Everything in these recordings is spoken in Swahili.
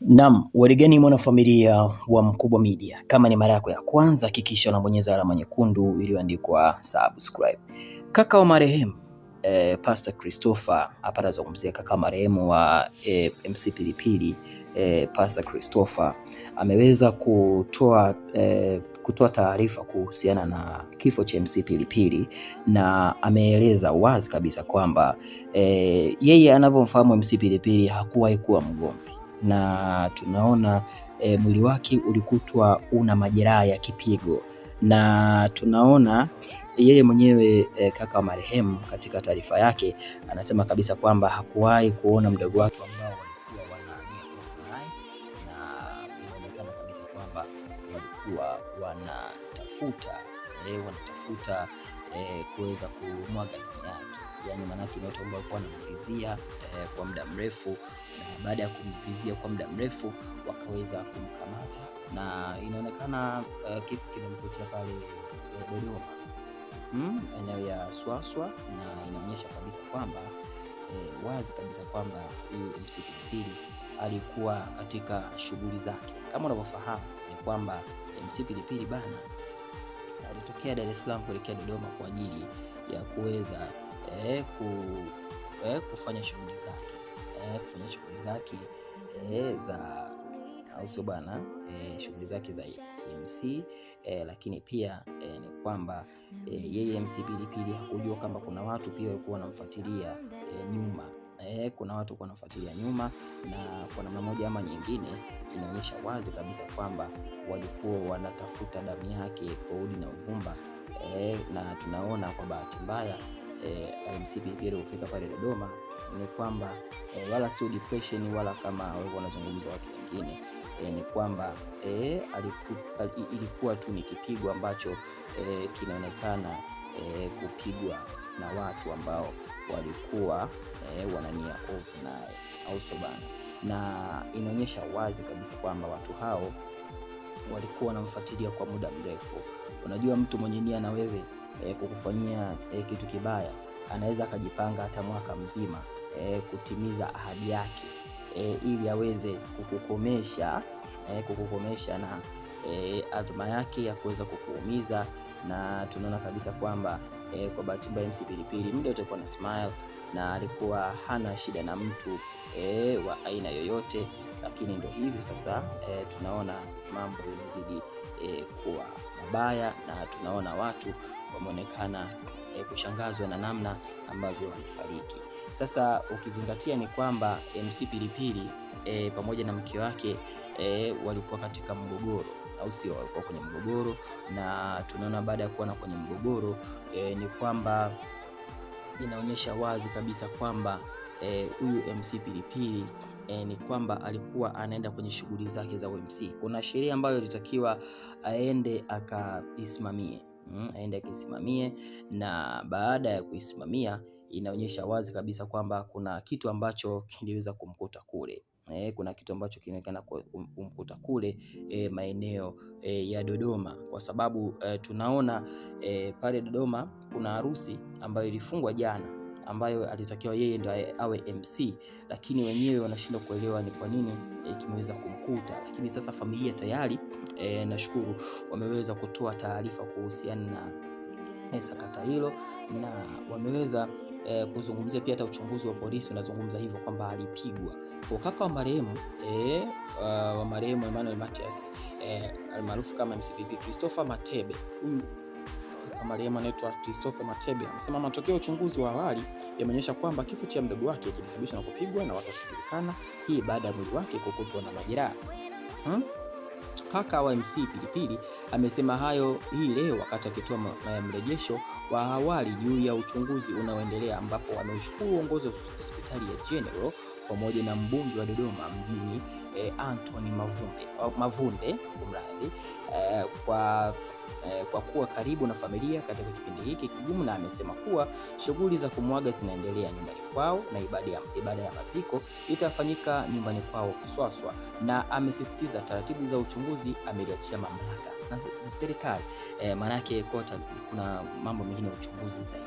Naam, warigani mwanafamilia wa Mkubwa Media. Kama ni mara yako ya kwanza hakikisha unabonyeza alama nyekundu iliyoandikwa subscribe. Kaka wa marehemu eh, Pastor Christopher hapa anazungumzia kaka marehemu wa eh, MC Pilipili eh, Pastor Christopher ameweza kutoa eh, kutoa taarifa kuhusiana na kifo cha MC Pilipili na ameeleza wazi kabisa kwamba e, yeye anavyomfahamu MC Pilipili hakuwahi kuwa mgomvi na tunaona e, mwili wake ulikutwa una majeraha ya kipigo, na tunaona yeye mwenyewe e, kaka wa marehemu katika taarifa yake anasema kabisa kwamba hakuwahi kuona mdogo wake ambao walikuwa wanaania na inaonekana kabisa kwamba walikuwa wanatafuta e, wanatafuta eh, kuweza kumwaga damu yake, yani maanake watu ambao walikuwa wanamvizia eh, kwa muda mrefu, na baada ya kumvizia kwa muda mrefu wakaweza kumkamata, na inaonekana eh, kifo kinamkutia pale eh, Dodoma hmm, eneo ya Swaswa, na inaonyesha kabisa kwamba eh, wazi kabisa kwamba huyu MCP2 alikuwa katika shughuli zake. Kama unavyofahamu ni kwamba eh, MC Pilipili bana alitokea Dar es Salaam kuelekea Dodoma kwa ajili ya kuweza eh, ku, eh, kufanya shughuli zake eh, kufanya shughuli zake eh, za au sio bwana eh, shughuli zake za KMC e eh, lakini pia eh, ni kwamba eh, yeye MC Pilipili hakujua kwamba kuna watu pia walikuwa wanamfuatilia eh, nyuma eh, kuna watu wanafuatilia nyuma, na kwa namna moja ama nyingine inaonyesha wazi kabisa kwamba walikuwa wanatafuta damu yake kwa udi na uvumba eh, na tunaona kwa bahati mbaya eh, MCPP aliyofika pale Dodoma ni kwamba eh, wala sio depression wala kama walikuwa wanazungumza watu wengine E, ni kwamba e, eh, aliku, al, ilikuwa tu ni kipigo ambacho e, kinaonekana e, kupigwa na watu ambao walikuwa e, eh, wanania ovu naye, au Na inaonyesha wazi kabisa kwamba watu hao walikuwa wanamfuatilia kwa muda mrefu. Unajua, mtu mwenye nia na wewe e, kukufanyia e, kitu kibaya anaweza akajipanga hata mwaka mzima e, kutimiza ahadi yake e, ili aweze kukukomesha e, kukukomesha na e, adhima yake ya kuweza kukuumiza na tunaona kabisa kwamba e, kwa bahati mbaya MC Pilipili muda wote alikuwa na smile na alikuwa hana shida na mtu e, wa aina yoyote, lakini ndo hivi sasa e, tunaona mambo yanazidi e, kuwa mabaya na tunaona watu wameonekana e, kushangazwa na namna ambavyo walifariki. Sasa ukizingatia ni kwamba MC Pilipili e, pamoja na mke wake e, walikuwa katika mgogoro au sio, walikuwa kwenye mgogoro, na tunaona baada ya kuona kwenye mgogoro e, ni kwamba inaonyesha wazi kabisa kwamba eh, huyu e, MC Pilipili E, ni kwamba alikuwa anaenda kwenye shughuli zake za UMC. Kuna sheria ambayo ilitakiwa aende akaisimamie, mm, aende akaisimamie, na baada ya kuisimamia inaonyesha wazi kabisa kwamba kuna kitu ambacho kiliweza kumkuta kule eh, kuna kitu ambacho kinaonekana kumkuta kule eh, maeneo eh, ya Dodoma kwa sababu eh, tunaona eh, pale Dodoma kuna harusi ambayo ilifungwa jana ambayo alitakiwa yeye ndo awe MC, lakini wenyewe wanashindwa kuelewa ni kwa nini e, kimeweza kumkuta. Lakini sasa familia tayari e, nashukuru wameweza kutoa taarifa kuhusiana na eh, sakata hilo na wameweza eh, kuzungumzia pia hata uchunguzi wa polisi unazungumza hivyo kwamba alipigwa kwa kaka wa marehemu eh, uh, wa marehemu Emmanuel Matias eh, almaarufu kama MCPP Christopher Matebe huyu marehemu anaitwa Christopher Matebe amesema matokeo ya uchunguzi wa awali yameonyesha kwamba kifo cha mdogo wake kilisababishwa na kupigwa na watu wasiojulikana, hii baada ya mwili wake kukutwa na majeraha hmm? Mpaka wa MC Pilipili amesema hayo hii leo wakati akitoa mrejesho wa awali juu ya uchunguzi unaoendelea ambapo ameushukuru uongozi wa hospitali ya General pamoja na mbunge wa Dodoma mjini e, Anthony Mavunde, Mavunde kumradhi e, kwa eh, kwa kuwa karibu na familia katika kipindi hiki kigumu, na amesema kuwa shughuli za kumwaga zinaendelea nyumbani kwao na ibada ya, ibada ya maziko itafanyika nyumbani kwao Kiswaswa, na amesisitiza taratibu za uchunguzi ameliachia mamlaka na za serikali e, maanake kota kuna mambo mengine ya uchunguzi zaidi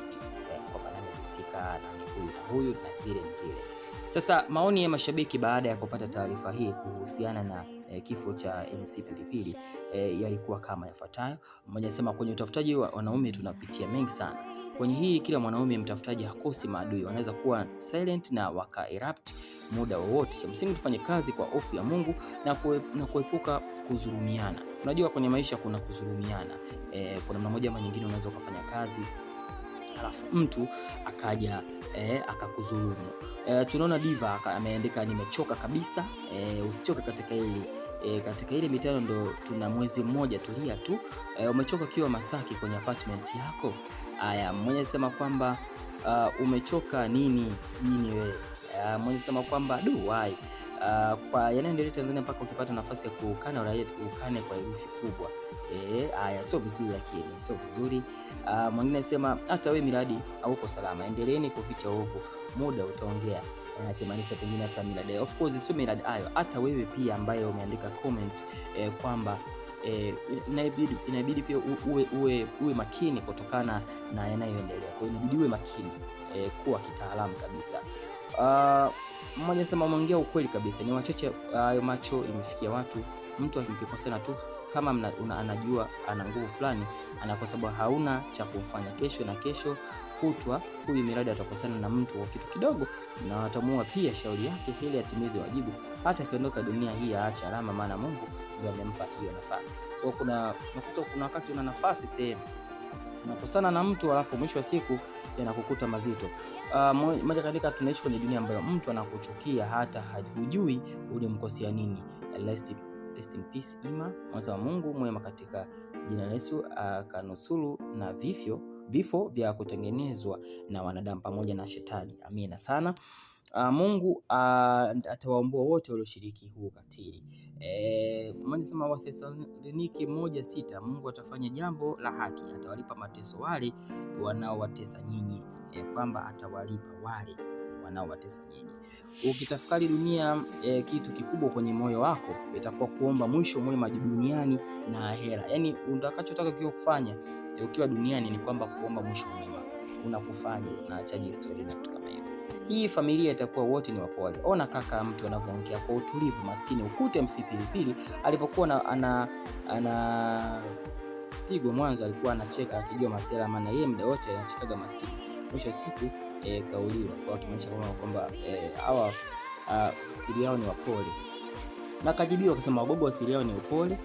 e, kwa maana husika na huyu na huyu na vile vile sasa maoni ya mashabiki baada ya kupata taarifa hii kuhusiana na eh, kifo cha MC Pilipili eh, yalikuwa kama yafuatayo. Mmoja anasema kwenye utafutaji wa wanaume tunapitia mengi sana. Kwenye hii kila mwanaume mtafutaji hakosi maadui, wanaweza kuwa silent na waka erupt muda wowote. Cha msingi tufanye kazi kwa hofu ya Mungu na, kue, na kuepuka kuzurumiana Unajua kwenye maisha kuna kuzurumiana eh, kwa namna moja ama nyingine unaweza ukafanya kazi halafu mtu akaja eh, akakuzulumu. Eh, tunaona Diva ameandika nimechoka kabisa. Eh, usichoke katika hili E, katika ile mitano ndo tuna mwezi mmoja, tulia tu e, umechoka kiwa Masaki kwenye apartment yako. Aya, mmoja sema kwamba uh, umechoka nini nini wewe. Mmoja sema kwamba duwai uh, kwa yanayoendelea Tanzania mpaka ukipata nafasi ya kuukana uraia ukane kwa herufi kubwa. Eh, haya sio vizuri, lakini sio vizuri. Uh, mwingine anasema hata wewe miradi hauko salama, endeleeni kuficha ovu, muda utaongea eh, akimaanisha pengine hata miradi of course sio miradi hayo, hata wewe pia ambaye umeandika comment eh, kwamba eh, inabidi inabidi pia uwe, uwe, uwe makini kutokana na yanayoendelea. Kwa hiyo inabidi uwe makini eh, kuwa kitaalamu kabisa uh, mmoja sema mwongea ukweli kabisa, ni wachache ah, hayo macho imefikia watu. Mtu akimkosana tu kama mna, una, anajua ana nguvu fulani, ana kwa sababu hauna cha kumfanya kesho na kesho kutwa, huyu miradi atakosana na mtu wa kitu kidogo na watamuua pia. Shauri yake ili atimize wajibu, hata akiondoka dunia hii aache alama, maana Mungu ndiye amempa hiyo nafasi. Kwa kuna kuna wakati una nafasi sehemu unakosana na mtu alafu mwisho wa siku yanakukuta mazito. Uh, moja katika tunaishi kwenye dunia ambayo mtu anakuchukia hata hujui ulimkosea nini. Lest, rest in peace Ima, mwanza wa Mungu mwema katika jina la Yesu akanusuru ah, uh, na vifyo vifo vya kutengenezwa na wanadamu pamoja na shetani. Amina sana. Uh, Mungu uh, atawaombea wote walioshiriki huu ukatili. E, eh, anasema Wathesalonike moja sita, Mungu atafanya jambo la haki, atawalipa mateso wale wanaowatesa nyinyi, e, kwamba atawalipa wale wanaowatesa nyinyi. Ukitafakari dunia e, kitu kikubwa kwenye moyo wako itakuwa kuomba mwisho mwema duniani na ahera. Yaani utakachotaka kiwa kufanya e, ukiwa duniani ni kwamba kuomba mwisho mwema unakufanya na achaji historia na kitu kama hiyo. Hii familia itakuwa wote ni wapole. Ona kaka mtu anavyoongea kwa utulivu, maskini ukute msipilipili alipokuwa na, ana, ana pigo mwanzo alikuwa anacheka akijua masuala, maana yeye muda wote anachekaga maskini. Mwisho siku e, kauliwa kwa kimaanisha kwamba kwamba e, hawa ah, siri yao ni wapole. Nakajibiwa akasema wagogo asili yao ni upole.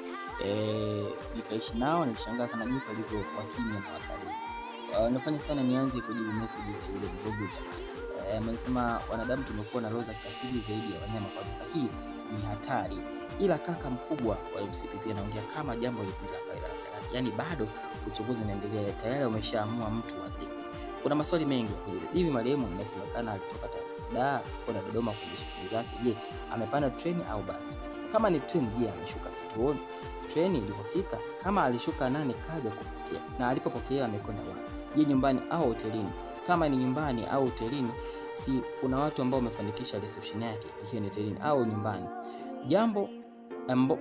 E, nikaishi nao, nilishangaa sana jinsi walivyo kwa kimya na wakali. Uh, ah, nafanya sana nianze kujibu message za yule mgogo jamani. Eh, amesema e, wanadamu tumekuwa na roho za kikatili zaidi ya wanyama kwa sasa, hii ni hatari. Ila kaka mkubwa wa MCP pia anaongea kama jambo likundi la kawaida, yaani bado uchunguzi unaendelea, tayari umeshaamua mtu wa siku. Kuna maswali mengi ya kujiuliza. Hivi marehemu inasemekana alitoka da kwenda Dodoma kwenye shughuli zake, je, amepanda treni au basi? Kama ni treni, je, ameshuka kituoni? Treni ilipofika, kama alishuka nani kaja kupokea, na alipopokea amekwenda wapi? Je, nyumbani au hotelini? kama ni nyumbani au hotelini, si kuna watu ambao wamefanikisha reception yake hiyo ni hotelini au nyumbani. Jambo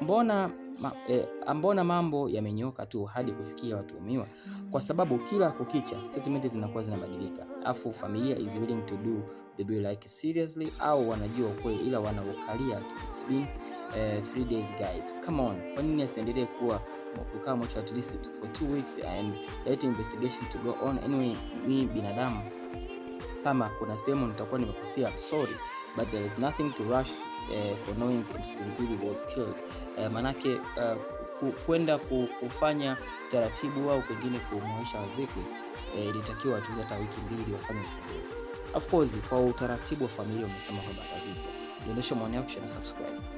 mbona ma, e, ambona mambo yamenyoka tu hadi kufikia watuhumiwa? Kwa sababu kila kukicha statement zinakuwa zinabadilika, afu familia is willing to do the do like seriously, au wanajua ukweli ila wanaukalia uh, three days guys come on, kwa nini asiendelee kuwa kukaa mocho at least for two weeks and let investigation to go on. Anyway, ni binadamu, kama kuna sehemu nitakuwa nimekosea, I'm sorry but there is nothing to rush eh, for knowing Msilimpili was killed eh, manake uh, kwenda kufanya taratibu au pengine kumuoesha waziki eh, ilitakiwa eh, tu hata wiki mbili wafanye uchunguzi. Of course kwa utaratibu wa familia, umesema kwamba kaziko. Dondosha maoni yako, share na subscribe.